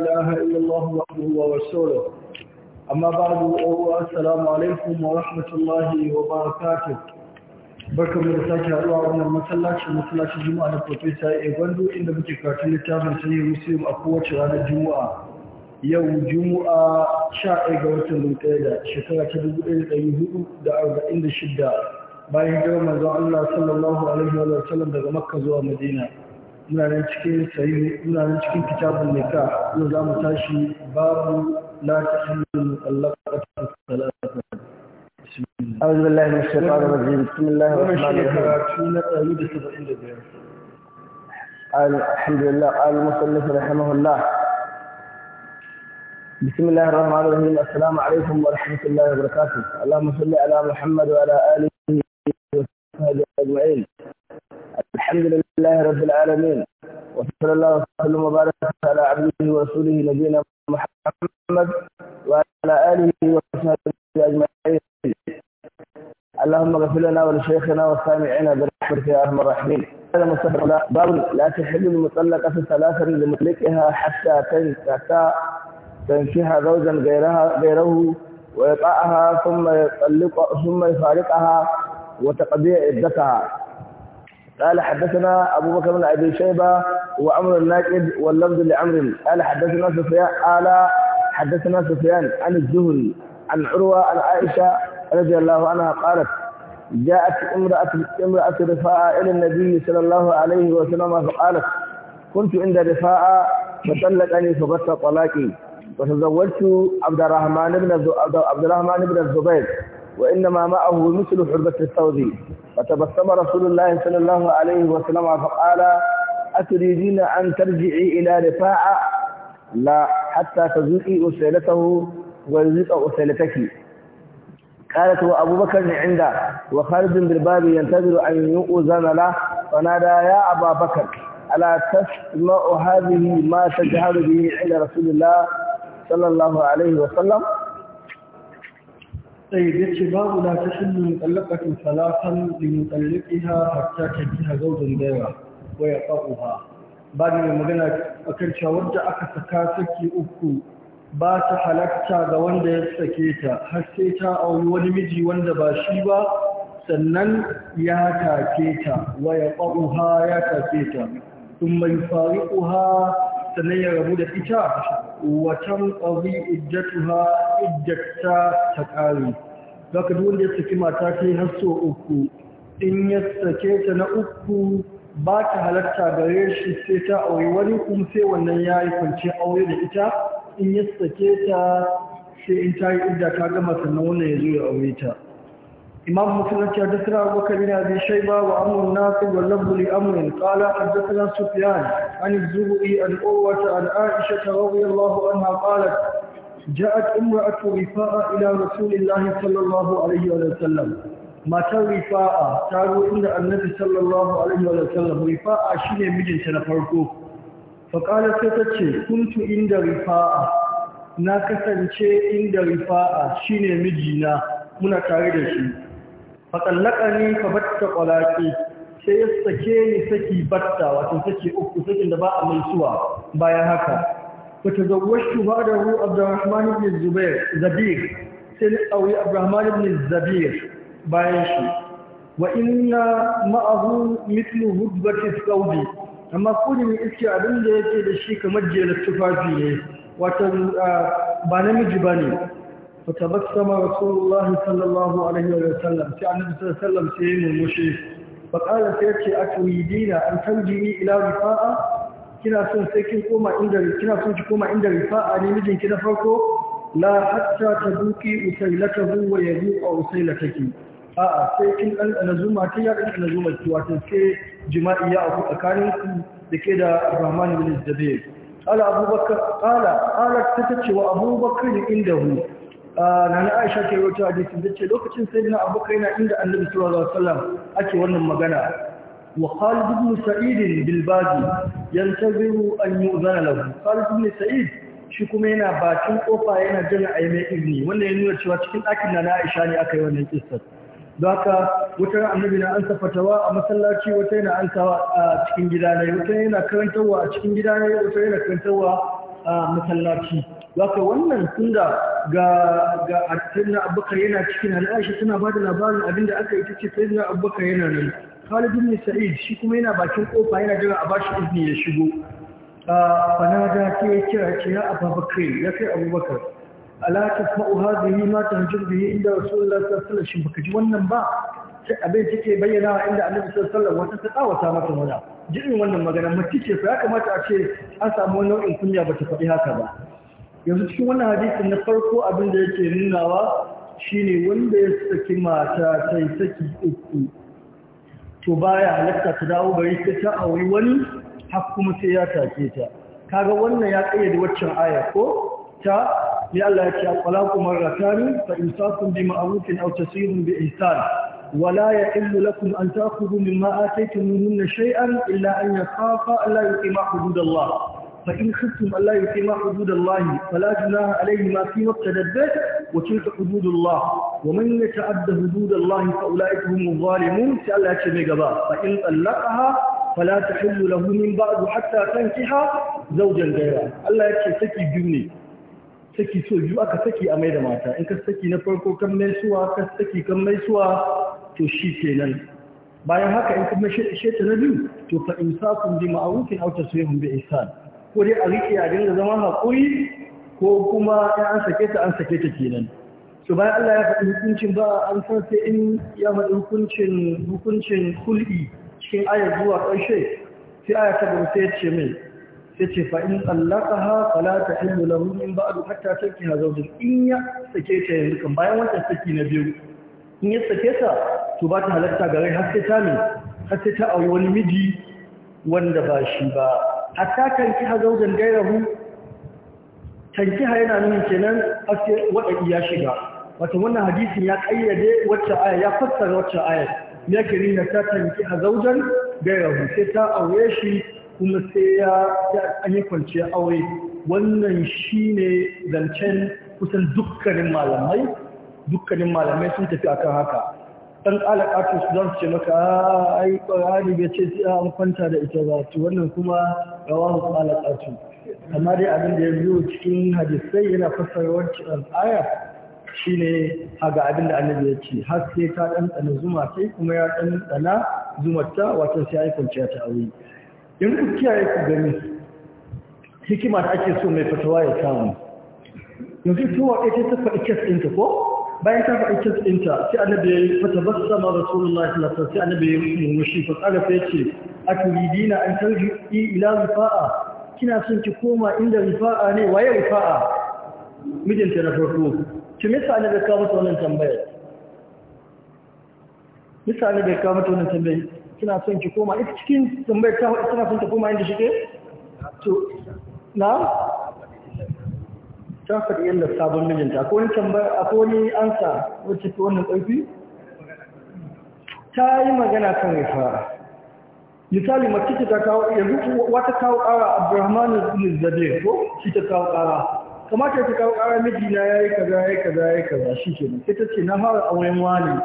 إله إلا الله وحده ورسوله أما بعد السلام عليكم ورحمة الله وبركاته barka da sake haɗuwa wannan masallacin masallacin juma'a na profesa a gwando inda muke karatun littafin sahih muslim a kowace ranar juma'a yau juma'a ɗaya ga watan zulqa'ida shekara ta 1446 bayan jiran manzon Allah sallallahu alaihi wa sallam daga makka zuwa madina muna nan cikin sayi muna nan cikin kitabun nika yau za mu tashi babu la tahillu mutallaqatu salatu أعوذ بالله من الشيطان الرجيم بسم الله الرحمن الرحيم قال الحمد لله قال المصنف رحمه الله بسم الله الرحمن الرحيم السلام عليكم ورحمة الله وبركاته اللهم صل على محمد وعلى آله وصحبه أجمعين الحمد لله رب العالمين وصلى الله وسلم وبارك على عبده ورسوله نبينا محمد وعلى آله وصحبه أجمعين اللهم اغفر لنا ولشيخنا وسامعنا برحمتك يا ارحم الراحمين هذا مستقبل باب لا تحل المطلقة ثلاثا لمطلقها حتى تنكح تنكح زوجا غيرها غيره ويطاعها ثم يطلق ثم يفارقها وتقضي عدتها قال حدثنا أبو بكر بن أبي شيبة وعمر الناقد واللفظ لعمر قال حدثنا سفيان قال حدثنا سفيان عن الزهري عن عروة عن عائشة رضي الله عنها قالت جاءت امرأة امرأة رفاعة إلى النبي صلى الله عليه وسلم فقالت كنت عند رفاعة فطلقني فبت طلاقي وتزوجت عبد الرحمن بن عبد الرحمن بن الزبير وإنما معه مثل حربة الثوب فتبسم رسول الله صلى الله عليه وسلم فقال أتريدين أن ترجعي إلى رفاعة لا حتى تذوقي أسيلته ويزيق أسيلتك قالت وأبو بكر عنده وخالد بالباب ينتظر أن يؤذن له فنادى يا أبا بكر ألا تسمع هذه ما تجهر به عند رسول الله صلى الله عليه وسلم sai ya ce babu la ta shillu mutallaqatin salatan li mutallaqiha hatta tajiha zawjun ghayra wa yaqaha ba ni magana akan shawar da aka saka saki uku ba ta halatta ga wanda ya sake ta har sai ta auri wani miji wanda ba shi ba sannan ya take ta wa yaqaha ya take ta faru uha sannan ya rabu da ita watan qadi iddatuha iddata ta ƙare zaka duwanda ya saki mata ta yi har so uku in ya sake ta na uku ba ta halatta gare shi sai ta aure wani kuma sai wannan ya yi kwanci aure da ita in ya sake ta sai in ta yi idda ta gama sannan wannan ya zo ya aure ta imam musulun ta dasra wa kalina bi shai ba wa amurin nasu wa lambu li amurin kala a dasra su an zuru'i al'uwata al'aisha ta rabu yallahu an haƙalar جاءت امرأة رفاعة إلى رسول الله صلى الله عليه وسلم ما تر رفاعة تارو عند النبي صلى الله عليه وسلم رفاعة شنو مجن سنفرقه فقالت ستتشي كنت عند رفاعة na kasance inda rifa'a shine mijina muna tare da shi fatallaka ne ka batta kwalaki sai ya sake ni saki batta wato saki uku sakin da ba a mai suwa bayan haka وتزوجت بعده عبد الرحمن بن الزبير زبير سن أوي عبد الرحمن بن الزبير بايشي وإن معه مثل هدبة الثوب amma kuni mai iske abin da yake da shi kamar jelar tufafi ne wata ba namiji ba ne wata baksama rasulullahi sallallahu alaihi wa sallam sai annabi sallallahu alaihi wa sallam sai ya murmushe faƙala sai an ila rifa'a kina son sai kin koma inda kina son ki koma inda rifa'a ne mijin ki na farko la hatta tabuki hu wa yabuqa usailataki a'a sai kin dan zuma ta ya dan zuma, ki wato sai jima'i ya aku tsakanin ku da ke da Rahman bin Zubair qala Abubakar qala qala tace wa Abubakar na nana Aisha ke rawaita hadisin ce lokacin sayyidina Abubakar yana inda Annabi sallallahu alaihi wasallam ake wannan magana وخالد بن سعيد بالباجي ينتظر أن يؤذن له خالد بن سعيد shi kuma yana bakin kofa yana jin a yi mai wannan ya nuna cewa cikin ɗakin na na'isha ne aka yi wannan kistar don haka wata annabi na ansa fatawa a masallaci wata yana ansawa a cikin gida wata yana karantarwa a cikin wata yana a masallaci wannan tunda ga ga attin abubakar yana cikin al'ashi suna ba da labarin abinda aka yi ta ce sai abubakar yana nan Khalid bin Sa'id shi kuma yana bakin kofa yana jira a bashi izini ya shigo fanada sai ya kira ce ya Abubakar ya kai Abubakar ala tasma'u hadhihi ma tanjur inda Rasulullah sallallahu alaihi wasallam baka ji wannan ba sai abin take bayyana inda Annabi sallallahu alaihi wasallam wata ta tsawata mata wala wannan magana mace ce ya kamata a ce an samu nau'in kunya bata faɗi haka ba yanzu cikin wannan hadisin na farko abin da yake nunawa shine wanda ya saki mata sai saki uku to baya halarta ta dawo gari ta ta auri wani har kuma sai ya take ta kaga wannan ya kayyade waccan aya ko ta ya Allah ya ce aqlaqu marratan fa insakum bi ma'rufin aw tasirun bi ihsan wala ya'illu lakum an ta'khudhu mimma ataytumuhunna shay'an illa an yakhafa alla yuqima hududallah فإن خفتم ألا يقيما حدود الله فلا جناح عليه ما فيما افتدت به وتلك حدود الله ومن يتعد حدود الله فأولئك هم الظالمون سألا يتشمي قبا فإن طلقها فلا تحل له من بعد حتى تنكح زوجا غيره ألا يتشمي سكي بيوني saki so biyu aka saki a mai da mata in ka saki na farko kan mai suwa ka saki kan mai suwa to shi kenan bayan haka in kuma sheta na biyu to fa insakun bi ma'rufin aw tasrihun bi ihsan ko dai a riƙe a dinga zama haƙuri ko kuma in an sake ta an sake ta kenan to bayan Allah ya faɗi hukuncin ba an san sai in ya faɗi hukuncin hukuncin kul'i cikin ayar zuwa ƙarshe sai aya ta gaba sai ya ce mai sai ce fa in tsallaqaha fala tahillu lahu min ba'du hatta tankiha zawjan in ya sake ta yanzu kan bayan wannan saki na biyu in ya sake ta to ba ta halatta gare har sai ta ne har sai ta auri wani miji wanda ba shi ba hatta tankiha zaujan gairahu tankiha yana nuna kenan aske wadaki ya shiga Wata wannan hadisin ya ƙayyade wacce aya ya fassara wacce aya ya ke nuna ta tankiha zaujan gairahu sai ta aure shi kuma sai ya an yi kwanciya aure wannan shine zancen kusan dukkanin malamai dukkanin malamai sun tafi akan haka ɗan alaƙatu su zan ce maka ah, ai ƙwararri bai ce sai an kwanta da ita ba to wannan kuma rawa su alaƙatu amma dai abin da ya biyo cikin hadisai yana fassara wancan aya shine a ga abin da annabi ya ce har sai ta ɗanɗana zuma sai kuma ya ɗanɗana zumarta wato sai ya kwanciya ta aure in ku kiyaye ku gani hikima da ake so mai fatawa ya samu yanzu tuwa ita ta faɗi kes ɗinta ko bayan ta faɗi kes ɗinta sai annabi ya yi fata basama sama sallallahu alaihi wasallam sai annabi ya yi murmushi fa tsara sai ce aturidina an tarji ila rufa'a. kina son ki koma inda rufa'a ne waye rufa'a? mijinta na farko ki misa annabi kawo mata wannan tambaya misa annabi bai mata wannan tambayar? kina son ki koma ita cikin tambayar ta kina son ta koma inda shi to na ta faɗi yadda sabon mijinta ko wani tambaya akwai wani ansa wacce ta wannan ƙarfi ta yi magana kan rifa misali mace ce ta kawo yanzu wata kawo ƙara abdurrahman bin zabir ko shi ta kawo ƙara kamata ta kawo ƙara mijina ya yi kaza ya yi kaza ya yi kaza shi ke nan sai ta ce na fara auren wani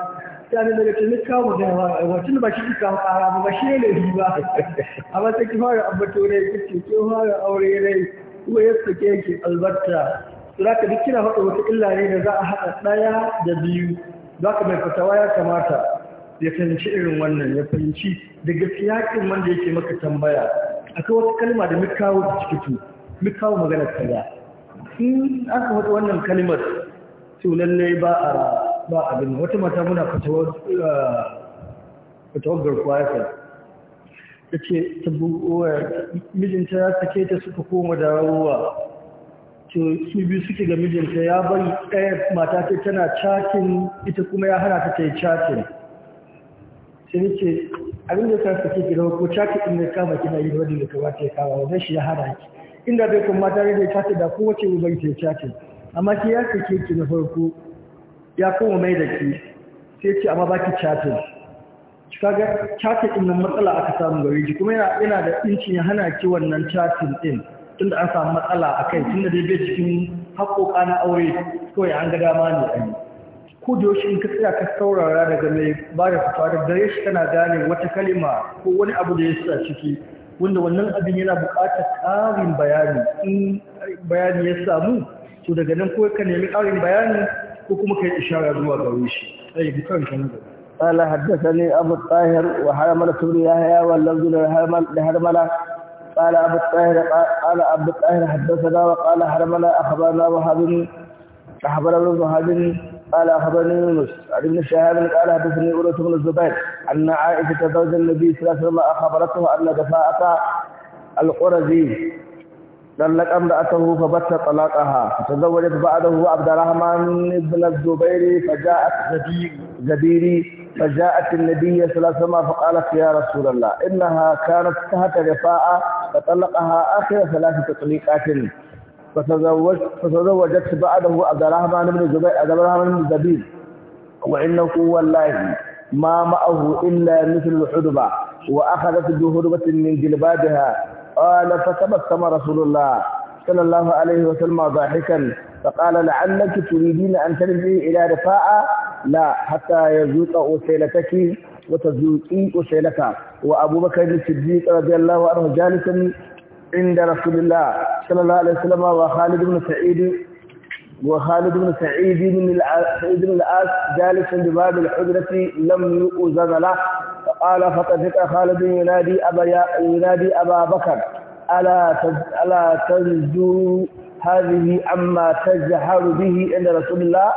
ta ne daga cikin kawo magana a wacin ba shi kawo ƙara ba ba shi ne laifi ba a sai fara abbato ya ki ce ki fara aure ne ya sake yake albarta za ka duk kina faɗa wata illa ne da za a haɗa ɗaya da biyu za ka mai fatawa ya kamata ya fahimci irin wannan ya fahimci daga siyakin wanda yake maka tambaya akwai wata kalma da muka kawo da cikitu muka kawo magana kaza in aka faɗa wannan kalmar to lalle ba a ba abin wata mata muna fatawar eh, fatawar garkuwa ya kai ta ce ta mijinta ya sake ta suka koma dawowa To su biyu suke ga mijinta ya bari ɗaya mata ta tana chatin ita kuma ya hana ta ta yi chatin sai ce abin da ta sake gina ko chatin inda ya kama kina yi wani da ta ya kama wannan shi ya hana ki inda bai kuma mata da chatin da kowace wace bari ta yi chatin amma ki ya ke ki na farko ya koma mai da ki sai ce amma baki chatin kaga chatting din nan matsala aka samu gare ki kuma yana da incin ya hana ki wannan chatin din tunda an samu matsala a kai tunda dai bai cikin haƙoƙa na aure kawai an ga dama ne a yi ko da yaushe in ka tsaya ka saurara daga mai ba da fata gare shi tana gane wata kalima ko wani abu da ya sa ciki wanda wannan abin yana buƙatar ƙarin bayani in bayani ya samu to daga nan ko ka nemi ƙarin bayani ko kuma ka yi ishara zuwa gare shi ai bi kan da قال حدثني أبو الطاهر وحرملة بن هيا واللفظ لحرملة قال أبو الطاهر قال أبو الطاهر حدثنا وقال حرمنا أخبرنا وهبني أخبرنا وهبني قال أخبرني يونس عن ابن شهاب قال حدثني أولة بن الزبير أن عائشة زوج النبي صلى الله عليه وسلم أخبرته أن دفاعة القرزي طلق امرأته فبت طلاقها فتزوجت بعده عبد الرحمن بن الزبير فجاءت زبيري فجاءت النبي صلى الله عليه وسلم فقالت يا رسول الله إنها كانت تحت رفاعة فطلقها آخر ثلاث تطليقات فتزوجت, فتزوجت بعده عبد الرحمن بن زبير عبد الرحمن بن زبير وإنه والله ما معه إلا مثل الحدبة وأخذت بهدبة من جلبابها قال فتبسم رسول الله صلى الله عليه وسلم ضاحكا فقال لعلك تريدين أن تنزلي إلى رفاعة لا حتى يذوق أسيلتك وتذوقي أسيلك وأبو بكر الصديق رضي الله عنه جالسا عند رسول الله صلى الله عليه وسلم وخالد بن سعيد وخالد بن سعيد بن سعيد بن العاص جالس بباب الحجرة لم يؤذن له فقال فطفق خالد ينادي أبا ينادي أبا بكر ألا تزدو هذه عما تزهر به عند رسول الله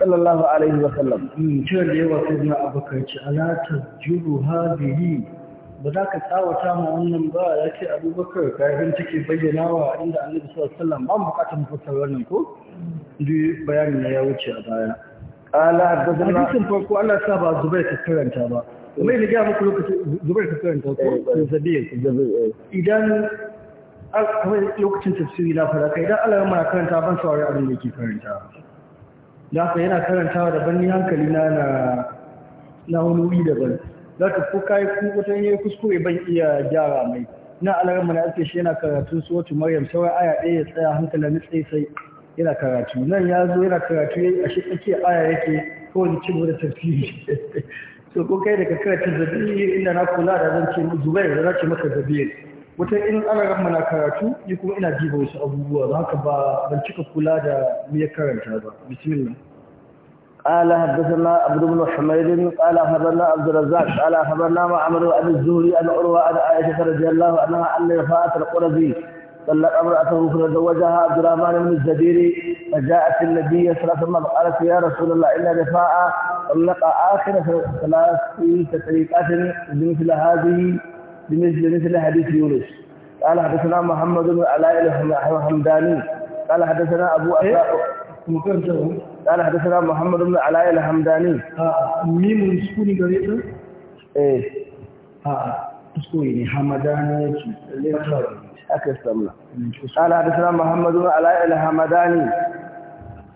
صلى الله عليه وسلم شير يوا سيدنا أبو ألا Ba هذه ka tsawata ما wannan ba yace Abu Bakar kafin take bayyanawa inda Annabi sallallahu alaihi wasallam ban bukatar fassara wannan ko duk bayanin ya wuce a baya قال حدثنا حديث فرقو الله سابع زبير كفرنتا با ومين جاء مكلوك زبير ko زبير idan akwai lokacin tafsiri na fara kai dan Allah yana karanta ban saurari abin da ke karanta da haka yana wa da ni hankali na na na wani daban za ka ko kai ko wata ne kuskure ban iya gyara mai na alaran mana ake shi yana su suratu maryam sauran aya ɗaya ya tsaya hankalin tsaye sai yana karatu nan ya zo yana karatu yayi a shi aya yake kawai cin da tafsiri so ko kai daga karatun inda na kula da zan ce zubair da za ce maka zabi wata in ana rahmana karatu ni kuma ina diba wasu abubuwa za haka ba ban cika kula da mu karanta ba bismillah ala haddathana abdul ibn hamid ala haddathana a razzaq ala haddathana ma'amar abi zuhri al urwa al aisha radhiyallahu anha anna rafa'at al qurazi talla amra'atuhu fa zawajaha abdul rahman ibn zabiri fa ja'at an nabiy sallallahu alaihi wasallam qala ya rasulullah inna rafa'a talla akhir thalath fi tariqatin min mithl hadhihi بمثل حديث يونس قال حدثنا محمد بن علاء الحمداني قال حدثنا أبو أساء قال حدثنا محمد بن علاء الحمداني ميم سكوني قريبا ايه ها سكوني حمداني أكستمنا قال حدثنا محمد بن علاء الحمداني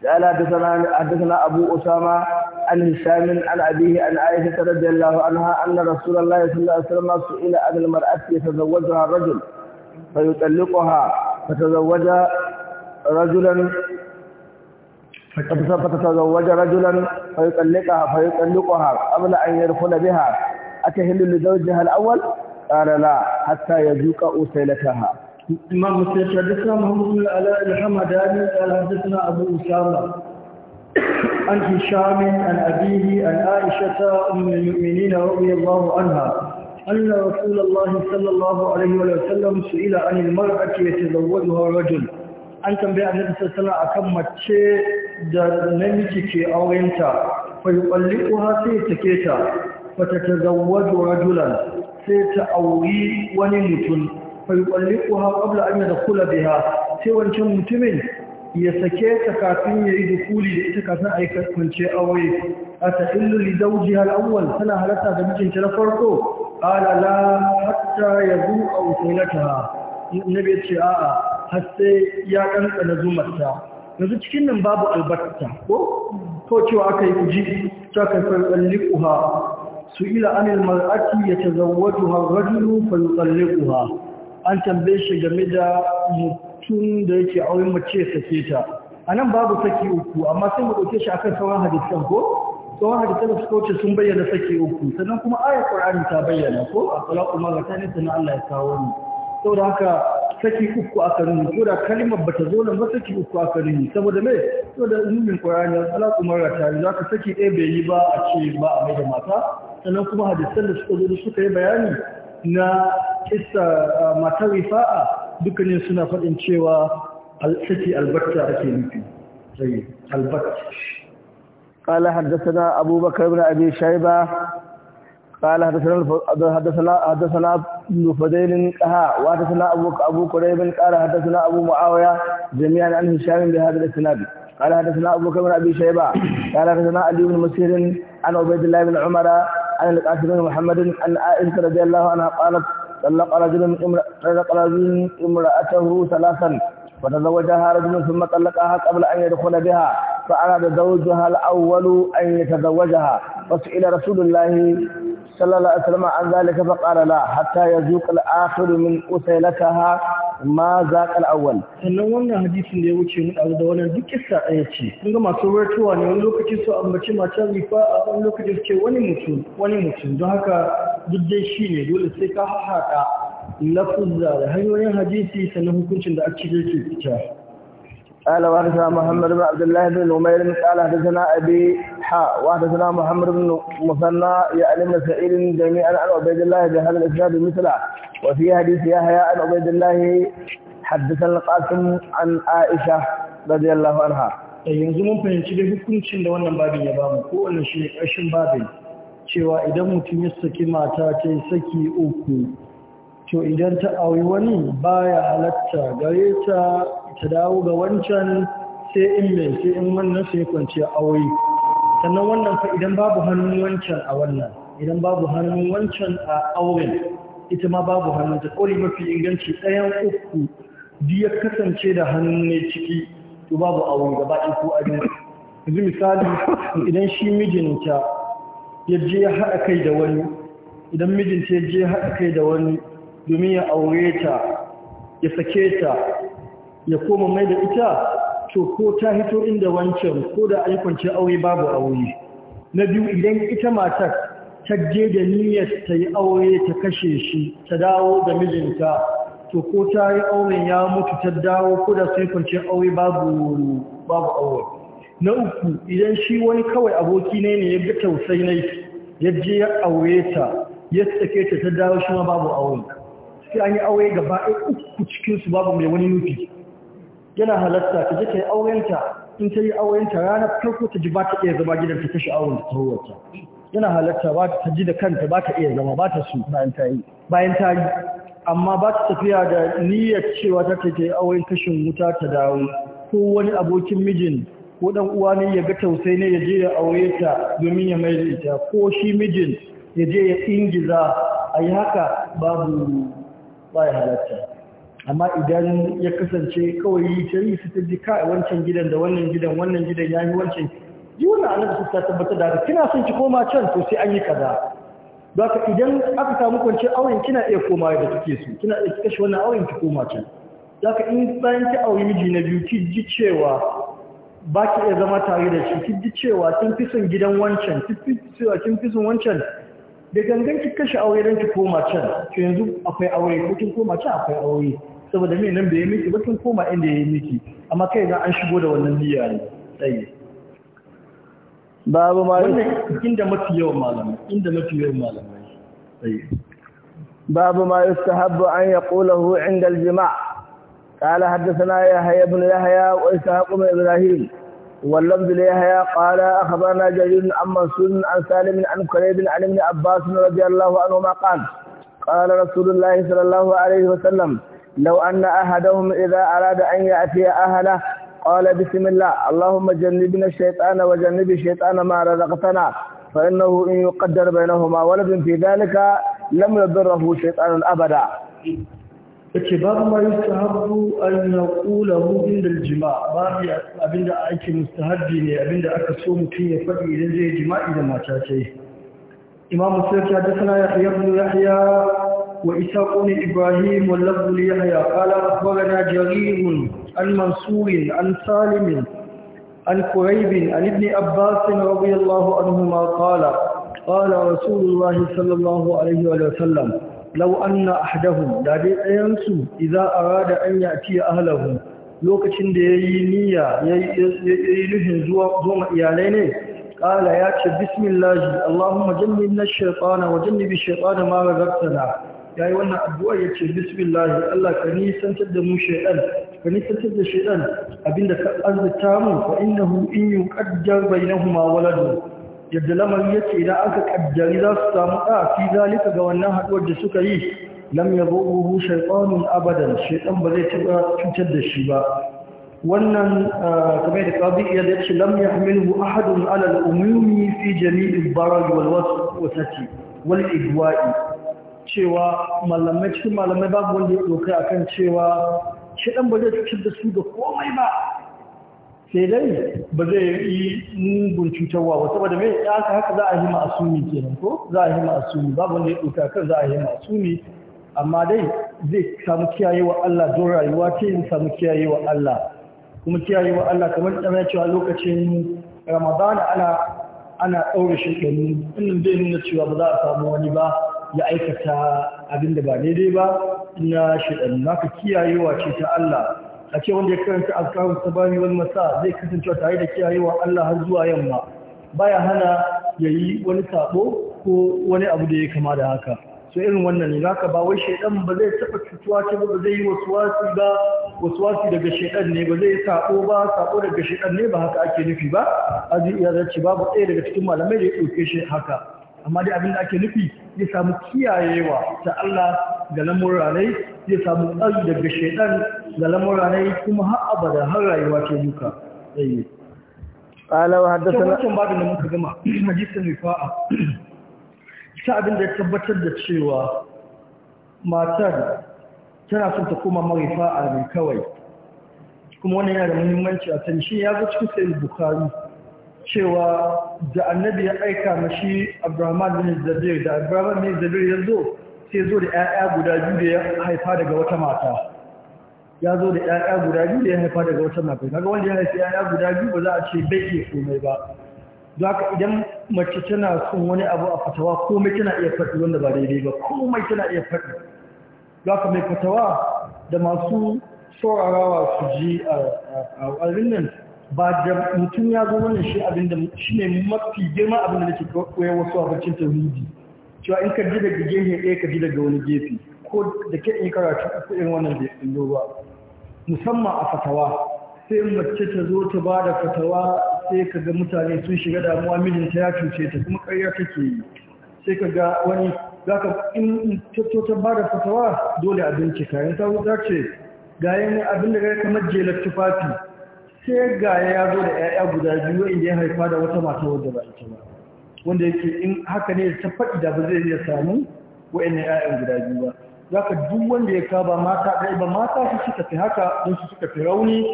قال حدثنا حدثنا أبو أسامة عن هشام عن أبيه عن عائشة رضي الله عنها أن رسول الله صلى الله عليه وسلم سئل عن المرأة يتزوجها الرجل فيطلقها فتزوج رجلا فتتزوج رجلا فيطلقها فيطلقها قبل أن يدخل بها أتهل لزوجها الأول؟ قال لا حتى يذوق أسيلتها إمام مسلم حدثنا محمد بن العلاء الحمداني قال حدثنا أبو أسامة عن هشام عن أبيه عن عائشة أم المؤمنين رضي الله عنها أن رسول الله صلى الله عليه وسلم سئل عن المرأة يتزوجها رجل an tambaya annabi sallallahu alaihi akan mace da namiki ke aurenta fa yuqalliquha sai take ta fa tatazawwaju rajulan sai ta auri wani mutum fa yuqalliquha qabla da yadkhula sai wancan mutumin ya sake ta kafin ya yi dukuli da ita kafin a yi kwance aure a ta illu li zauji hal'awwal tana halatta da mijinta na farko alala hatta ya zo a usulata na bai ce a'a har sai ya ɗanɗana zumarta yanzu cikin nan babu Albarta, ko ko cewa aka yi kuji ta kafin tsallikuha su ila anil mar'aki ya tazawwaju wajen rajinu fa yutsallikuha an tambaye shi game da hadisin da yake auren mace sake ta a nan babu saki uku amma sai mu ɗauke shi akan sauran hadisan ko sauran hadisan da suka wuce sun bayyana saki uku sannan kuma ayar qur'ani ta bayyana ko a ga ta ne sannan Allah ya kawo ni saboda haka saki uku aka ni ko da kalmar bata zo nan ba saki uku aka ni saboda me saboda nunin qur'ani talaqu ta ne zaka saki ɗaya bai yi ba a ce ba a mai da mata sannan kuma hadisan da suka zo suka yi bayani na kissa matar rifa'a dukkanin suna faɗin cewa al'ati albatta ake nufi sai albatta قال حدثنا أبو بكر بن أبي شيبة قال حدثنا حدثنا حدثنا ابن فديل ها وحدثنا أبو أبو قريب قال حدثنا أبو معاوية جميعا عن هشام بهذا الإسناد قال حدثنا أبو بكر بن أبي شيبة قال حدثنا علي بن مسير عن عبيد الله بن عمر عن القاسم بن محمد عن عائشة رضي الله عنها قالت طلق رجل امرأته ثلاثا فتزوجها رجل ثم طلقها قبل أن يدخل بها فأراد زوجها الأول أن يتزوجها فسئل رسول الله صلى الله عليه وسلم عن ذلك فقال لا حتى يذوق الآخر من أسيلتها ma za ka awal sannan wannan hadisin da ya wuce mu ɗazu da wannan duk kissa ɗaya ce kun ga masu wartuwa ne wani lokaci su ambaci macen rifa a wani lokaci su ce wani mutum wani don haka shi ne dole sai ka haɗa lafuzza da hanyoyin hadisi sannan hukuncin da ake yake fita قال وحدثنا محمد بن عبد الله بن نمير قال حدثنا ابي حاء وحدثنا محمد بن مثنى يعني سعيد جميعا عن عبيد الله بهذا الاسناد مثله وفي حديث يحيى عن عبيد الله حدثنا القاسم عن عائشه رضي الله عنها yanzu mun fahimci da hukuncin da wannan babin ya bamu ko wannan shi ne ƙarshen babin cewa idan mutum ya saki mata ta saki uku to idan ta auri wani baya halatta gare ta ta dawo ga wancan sai in mai sai in wannan sai kwanciya auyi sannan wannan fa idan babu hannun wancan a wannan idan babu hannun wancan a auren ita ma babu hannun ta kori mafi inganci ɗayan uku ya kasance da hannun ne ciki to babu aure gaba ɗin ko a yanzu misali idan shi mijinta ya je ya haɗa kai da wani idan mijinta ya je ya haɗa kai da wani domin ya aure ta ya sake ta ya koma mai da ita to ko ta hito inda wancan ko da aikwance aure babu aure na biyu idan ita matar ta je da niyyar ta yi aure ta kashe shi ta dawo da mijinta to ko ta yi auren ya mutu ta dawo ko da sai kwance aure babu babu aure na uku idan shi wani kawai aboki ne ne ya ga tausayi ne ya je ya aure ta ya sake ta ta dawo shi ma babu aure sai an yi aure gaba ɗaya uku cikinsu babu mai wani nufi yana halatta ta je ta yi aurenta in ta yi aurenta ranar farko ta ji ba ta iya zama gidan ta sha'awar ta tsohuwarta yana halatta ba ta ji da kanta ba ta iya zama ba ta su bayan ta yi amma ba ta tafiya da niyyar cewa ta ta yi auren kashin wuta ta dawo ko wani abokin mijin ko dan uwa ne ya ga tausayi ne ya je ya aure ta domin ya mai da ita ko shi mijin ya je ya ingiza a yi haka babu ba ya halatta amma idan ya kasance kawai yi ta yi su ta ji kai wancan gidan da wannan gidan wannan gidan ya yi wancan yi wani annabi su ta tabbata da haka kina son ki koma can to sai an yi kaza ba ka idan aka samu kwanci auren kina iya koma da kike so kina iya kashe wannan auren ki koma can za ka in bayan ki aure miji na biyu ki ji cewa ba ki iya zama tare da shi ki ji cewa kin fi son gidan wancan kin fi son wancan da gangan ki kashe aure don ki koma can to yanzu akwai aure ko kin koma can akwai aure saboda me nan bai miki ba kin koma inda yayi miki amma kai za an shigo da wannan niyya ne tsaye babu malamai inda mafi yawan malamai inda mafi yawan malamai tsaye babu ma yustahabbu an yaqulahu inda aljima' jima قال حدثنا يحيى بن يحيى وإسحاق بن إبراهيم واللفظ ليحيى قال أخبرنا جليل عن منصور عن سالم عن قريب عن ابن عباس رضي الله عنهما قال قال رسول الله صلى الله عليه وسلم لو أن أحدهم إذا أراد أن يأتي أهله قال بسم الله اللهم جنبنا الشيطان وجنب الشيطان ما رزقتنا فإنه إن يقدر بينهما ولد في ذلك لم يضره شيطان أبدا yace babu ma yustahabbu an yaqula hu inda al-jima' babu abinda ake mustahabbi ne abinda aka so mutum ya faɗi idan zai jima'i da mata ce imam muslim ya dasana yahya yahya wa isaq ibn ibrahim wa lafz yahya qala akhbarana jaririn, an mansurin an salimin, an quraib an ibn abbas radiyallahu anhuma qala qala rasulullah sallallahu alaihi wa sallam lau na ahdahum da dai ɗayan su a rada an a ahlahu lokacin da yayi niyya yayi nufin zuwa zuwa iyalai ne ƙala ya ce bismillah allahumma jannibna ash-shaytana wa jannibi ash mara zartana". Ya yayi wannan addu'a yace bismillahi Allah ka nisantar da mu shaytan ka nisantar da abinda ka azurta mu fa innahu in yuqaddar bainahuma waladun yadda lamarin yake idan aka kaddari za su samu ɗa fi zalika ga wannan haɗuwar da suka yi lam ya ruhu shaitanun abadan shaitan ba zai taɓa cutar da shi ba wannan kamar da kabi iya da ce lam yahmilhu ahadun ala al-umumi fi jami'il baraj wal wasati wal igwa'i cewa malamai cikin malamai babu wanda ya doka akan cewa shaitan ba zai cutar da su da komai ba sai dai ba zai yi mugun cutarwa ba saboda mai ya haka haka za a yi ma'asumi kenan ko za a yi ne babu ne ya ɗauka kan za a yi ma'asumi amma dai zai samu kiyaye wa Allah don rayuwa ce in samu kiyaye wa Allah kuma kiyaye wa Allah kamar da mai cewa lokacin Ramadan ana ana ɗaure shi ɗani inda zai nuna cewa ba za a samu wani ba ya aikata abin da ba daidai ba na shi ɗani naka kiyayewa ce ta Allah a ce wanda ya karanta azkarun sabani wani masa zai kasancewa tare da kiyayewa Allah har zuwa yamma baya hana ya yi wani sabo ko wani abu da ya kama da haka so irin wannan ne ka ba wai shaidan ba zai taba cutuwa ce ba zai yi waswasi ba daga shaidan ne ba zai sabo ba sabo daga shaidan ne ba haka ake nufi ba azi ya zaci babu ɗaya daga cikin malamai da ya ɗauke shi haka amma dai abin ake nufi zai samu kiyayewa ta Allah ga ranai zai samu tsari daga shaidan ga ranai kuma har abada har rayuwa ce duka tsaye qala wa na. wannan babin da muka gama hadisin rifa'a Ta abin da ya tabbatar da cewa matar tana son ta koma marifa'a ne kawai kuma wani yana da muhimmanci a tanshi ya zo cikin sayi bukhari cewa da annabi ya aika mashi abrahman bin zabir da abrahman bin zabir ya zo sai zo da 'ya'ya guda biyu da ya haifa daga wata mata ya zo da 'ya'ya guda biyu da ya haifa daga wata mata kaga wanda ya haifi 'ya'ya guda biyu ba za a ce bai iya komai ba zaka idan mace tana son wani abu a fatawa komai tana iya faɗi wanda ba daidai ba komai tana iya faɗi zaka mai fatawa da masu saurarawa su ji a nan ba da mutum ya zo wannan shi abinda shi ne mafi girma abinda ke koyar wasu a bacin tauhidi cewa in ka ji daga gefe ɗaya ka ji daga wani gefe ko da ke in karatu a irin wannan bai ba musamman a fatawa sai mace ta zo ta ba da fatawa sai ka ga mutane sun shiga damuwa mijinta ya cuce ta kuma ƙarya take yi sai ka ga wani za ka in ta ba da fatawa dole abinci kayan yanzu ta ce ga yin abin da kamar jelar tufafi sai ga ya zo da 'ya'ya guda biyu inda ya haifa da wata mata wadda ba ita ba wanda yake in haka ne ta faɗi da ba zai iya samu wa'annan 'ya'ya guda biyu ba Za ka duk wanda ya kaba mata ɗaya ba mata su suka fi haka don su suka fi rauni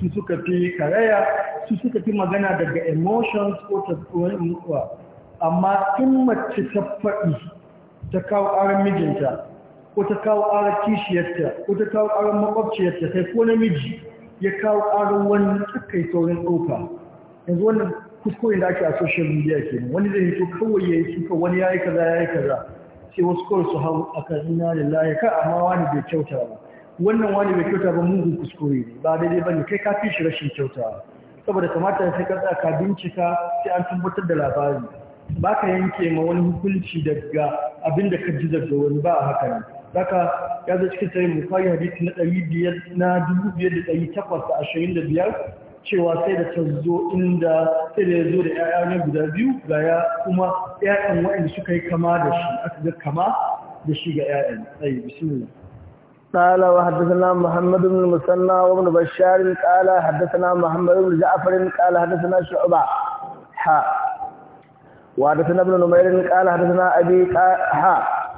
su suka fi karaya su suka fi magana daga emotions ko ta mutuwa amma in mace ta faɗi ta kawo ƙarar mijinta ko ta kawo ƙarar kishiyarta ko ta kawo ƙarar makwabciyarta sai ko namiji ya kawo ƙarin wani suka saurin ɗauka yanzu wannan kuskure da ake a social media kenan wani zai hito kawai ya yi suka wani ya yi kaza ya yi kaza sai wasu kawai su hau a kan ina da laye ka amma wani bai kyauta ba wannan wani bai kyauta ba mugun kuskure ne ba daidai ba ne kai ka fi shi rashin kyauta saboda kamata sai ka ka bincika sai an tabbatar da labari ba ka yanke ma wani hukunci daga abin da ka ji daga wani ba a haka ne. Daka ya zai cikin sayin bukari hadisi na ɗari biyar na dubu biyar da ɗari takwas da ashirin da biyar cewa sai da ta zo inda sai da ya zo da ‘ya'ya na guda biyu ga ya kuma ‘ya'yan waɗanda suka yi kama da shi aka ga kama da shi ga ‘ya'yan tsaye bismillah قال وحدثنا محمد بن المثنى وابن بشار قال حدثنا محمد بن جعفر قال حدثنا شعبة ح وحدثنا ابن نمير قال حدثنا أبي ح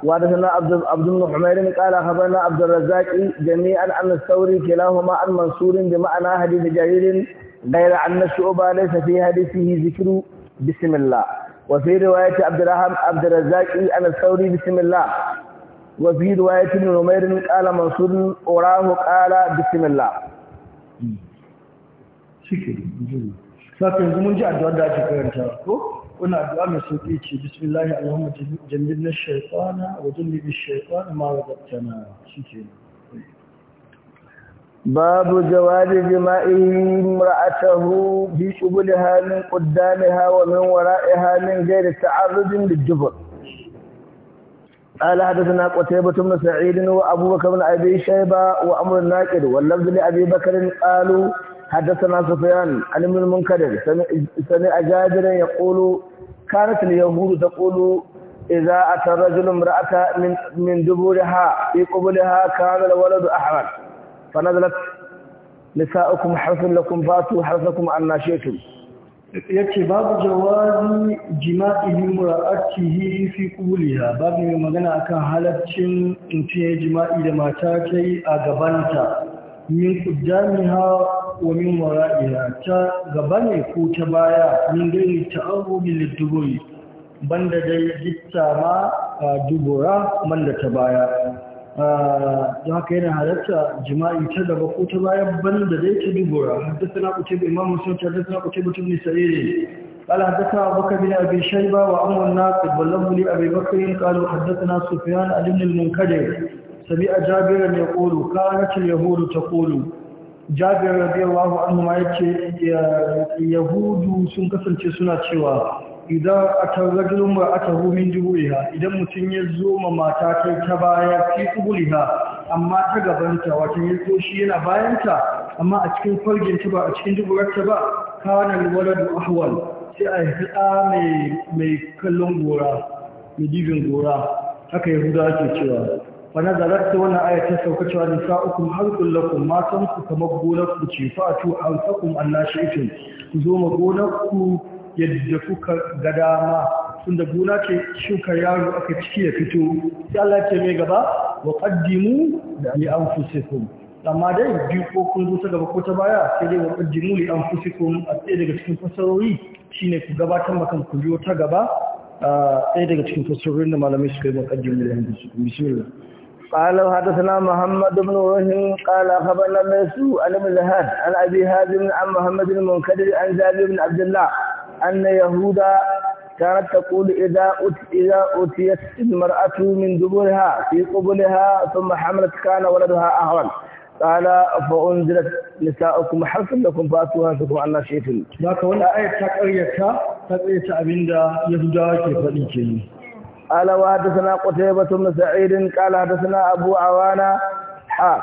وحدثنا عبد عبد بن حمير قال خبرنا عبد الرزاق جميعا عن الثوري كلاهما عن منصور بمعنى حديث جرير غير أن الشعوب ليس في حديثه ذكر بسم الله وفي رواية عبد الرحم عبد الرزاق عن الثوري بسم الله وفي رواية ابن نمير قال منصور أراه قال بسم الله شكرا ساتن mun ji addu'ar da ake karantawa ko wannan addu'a mai sauƙi ce bismillahi allahumma jannibna shaytana wa jannibi shaytana ma razaqtana shikenan babu jawabi jima'i imra'atahu bi shubulha min qaddamiha wa min wara'iha min ghairi ta'arrudin lid-dubur قال حدثنا قتيبة بن سعيد وأبو بكر بن أبي شيبة وأمر الناقد واللفظ لأبي بكر قالوا حدثنا سفيان عن ابن المنكدر سمع جابر يقول كانت اليهود تقول إذا أتى الرجل امرأة من من دبورها في قبلها كان الولد أحمر فنزلت نساؤكم حرث لكم فاتوا حرثكم أن شئتم yace babu jawazi jima'ihi mura'atihi fi quliha babu mai magana akan halaccin mutum ya jima'i da mata kai a gabanta min qudamiha wa min ta gaba ne ko ta baya min gani ta'arrubi liduburi banda dai gitta ma dubura da ta baya da haka yana halatta jima'i ta gaba ko ta baya banda dai ta dubura haddasa na kuce bai sun ta haddasa na kuce mutum ne sarere قال حدثنا أبو بن أبي شيبة وعمر الناقد واللفظ لأبي بكر قالوا حدثنا سفيان بن المنكدر سمع جابرا يقول كانت اليهود تقول jabir radiyallahu anhu ma yace yahudu sun kasance suna cewa idan aka rajulun ba aka rumin jiburiha idan mutum ya zo ma mata kai ta baya fi kubuliha amma ta gabanta wata ya zo shi yana bayanta amma a cikin farginta ba a cikin jiburarta ba lura waladu ahwal sai a yi mai mai kallon gora mai divin gora haka yahuda ake cewa da fa nazalat wannan aya ta sauka cewa nisa'ukum harqul lakum matan ku kamar gonar ku ce fa atu anfakum annashi'tum ku zo ma gonar ku yadda gada ma tun da gona ce shuka yaro aka ciki ya fito sai Allah ce mai gaba wa qaddimu li anfusikum amma dai biyu ko kun zo ta gaba ko ta baya sai dai wa qaddimu li anfusikum a tsaye daga cikin fasarori shine ku gabatar makan ku biyo ta gaba a tsaye daga cikin fasarorin da malamai suka yi muqaddimu li anfusikum bismillah قال حدثنا محمد بن وهن قال خبرنا ميسو عن ابن الهاد عن ابي هازم عن محمد بن المنكدر عن جابر بن عبد الله ان يهودا كانت تقول اذا اذا اتيت المراه من دبرها في قبلها ثم حملت كان ولدها اهون قال فأنزلت نساؤكم حرفا لكم فأتوا أنفسكم عنا شئتم. ذاك ولا آية تقريتها تقريتها من يهودا كيف قال وحدثنا قتيبة بن سعيد قال حدثنا أبو عوانة حا